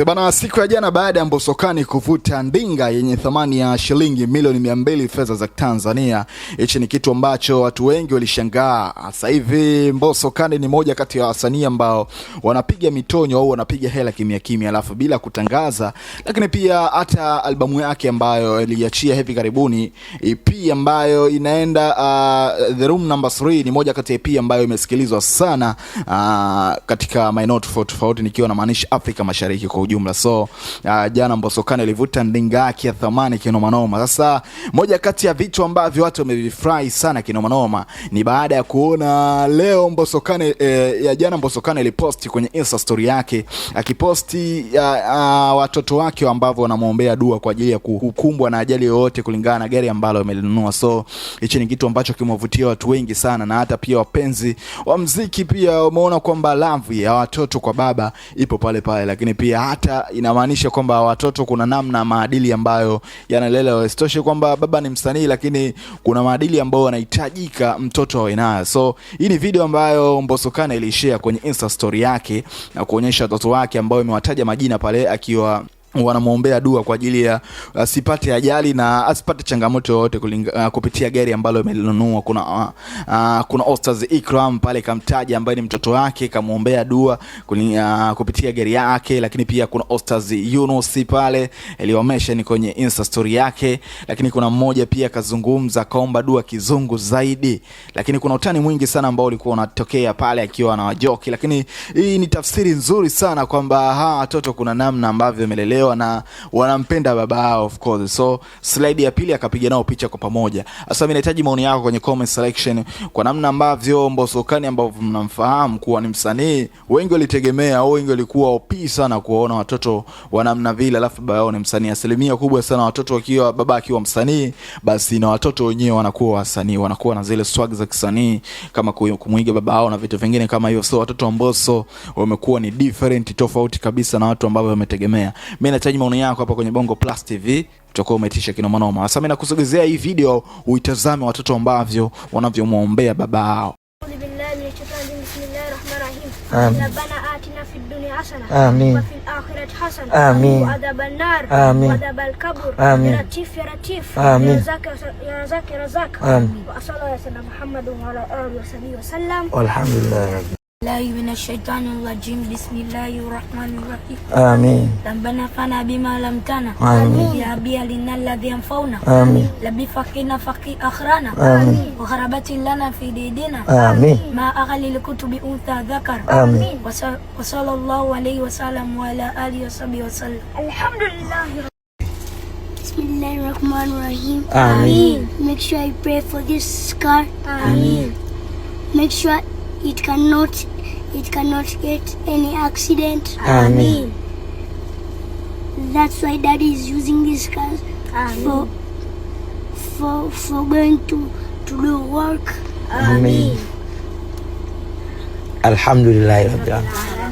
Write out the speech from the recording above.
Eh, bana, siku ya jana baada ya Mbosokani kuvuta ndinga yenye thamani ya shilingi milioni mia mbili fedha za Tanzania. Hichi ni kitu ambacho watu wengi walishangaa. Sasa hivi Mbosokani ni moja kati ya wasanii ambao wanapiga mitonyo au wanapiga hela kimya kimya, alafu bila kutangaza. Lakini pia hata albamu yake ambayo iliachia hivi karibuni, EP ambayo inaenda uh, The Room Number 3 ni moja kati ya EP ambayo imesikilizwa sana uh, katika maeneo tofauti tofauti, nikiwa namaanisha Afrika Mashariki kwa ujumla. So uh, jana Mbosokana alivuta ndinga yake ya thamani noma. Sasa moja kati ya vitu ambavyo watu wamevifurahi sana kinomanoma ni baada ya kuona leo Mbosokana eh, ya jana Mbosokana aliposti kwenye Insta story yake akiposti uh, uh, watoto wake ambao wanamwombea dua kwa ajili ya kukumbwa na ajali yoyote kulingana na gari ambalo amelinunua. So hichi ni kitu ambacho kimewavutia watu wengi sana, na hata pia wapenzi wa mziki pia wameona kwamba love ya watoto kwa baba ipo pale pale, lakini pia hata inamaanisha kwamba watoto kuna namna maadili ambayo yanalelewa. Isitoshe kwamba baba ni msanii, lakini kuna maadili ambayo yanahitajika mtoto awe nayo. So hii ni video ambayo Mbosso Khan ilishare kwenye Insta story yake na kuonyesha watoto wake ambao imewataja majina pale akiwa wanamwombea dua kwa ajili ya uh, asipate ajali na asipate changamoto yoyote uh, kupitia gari ambalo imelinunua. Kuna, uh, uh, kuna Ostaz Ikram pale kamtaja ambaye ni mtoto wake kamwombea dua kulinga, uh, kupitia gari yake, lakini pia kuna Ostaz Yunus pale ni kwenye Insta story yake, lakini kuna mmoja pia kazungumza kaomba dua kizungu zaidi, lakini kuna utani mwingi sana ambao ulikuwa unatokea pale akiwa na wajoki, lakini hii ni tafsiri nzuri sana kwamba hawa watoto kuna namna ambavyo imelelewa na wanampenda baba yao of course. So slide ya pili akapiga nao picha kwa pamoja. Sasa mimi nahitaji maoni yako kwenye comment selection kwa namna ambavyo Mbosso Kani ambavyo mnamfahamu kuwa ni msanii, wengi walitegemea au wengi walikuwa OP sana kuwaona watoto wa namna vile, alafu baba yao ni msanii. Asilimia kubwa sana watoto wakiwa baba akiwa msanii, basi na watoto wenyewe wanakuwa wasanii, wanakuwa na zile swag za kisanii kama kumwiga baba yao na vitu vingine kama hiyo. So watoto wa mboso wamekuwa ni different, tofauti kabisa na watu ambao wametegemea. Mimi nahitaji maoni yako hapa kwenye Bongo Plus TV, utakuwa umeitisha kinomanoma. Sasa mimi nakusogezea hii video uitazame, watoto ambavyo wanavyomwombea baba yao. Amin. Amin. Amin. Amin. Amin. Amin. الله من الشيطان الرجيم بسم الله الرحمن الرحيم آمين ربنا فنا بما لم تنا آمين يا أبي لنا الذي ينفونا آمين لبي فقينا فقي أخرانا آمين وخربت لنا في ديننا آمين ما أغلي الكتب أنثى ذكر آمين وصلى الله عليه وسلم وعلى آله وصحبه وسلم الحمد لله بسم الله الرحمن الرحيم آمين Make sure I pray for this scar Amen Make sure it cannot it cannot get any accident. Amen. That's why Daddy is using this car for for for going to to do work. Amen. Amen. Alhamdulillah.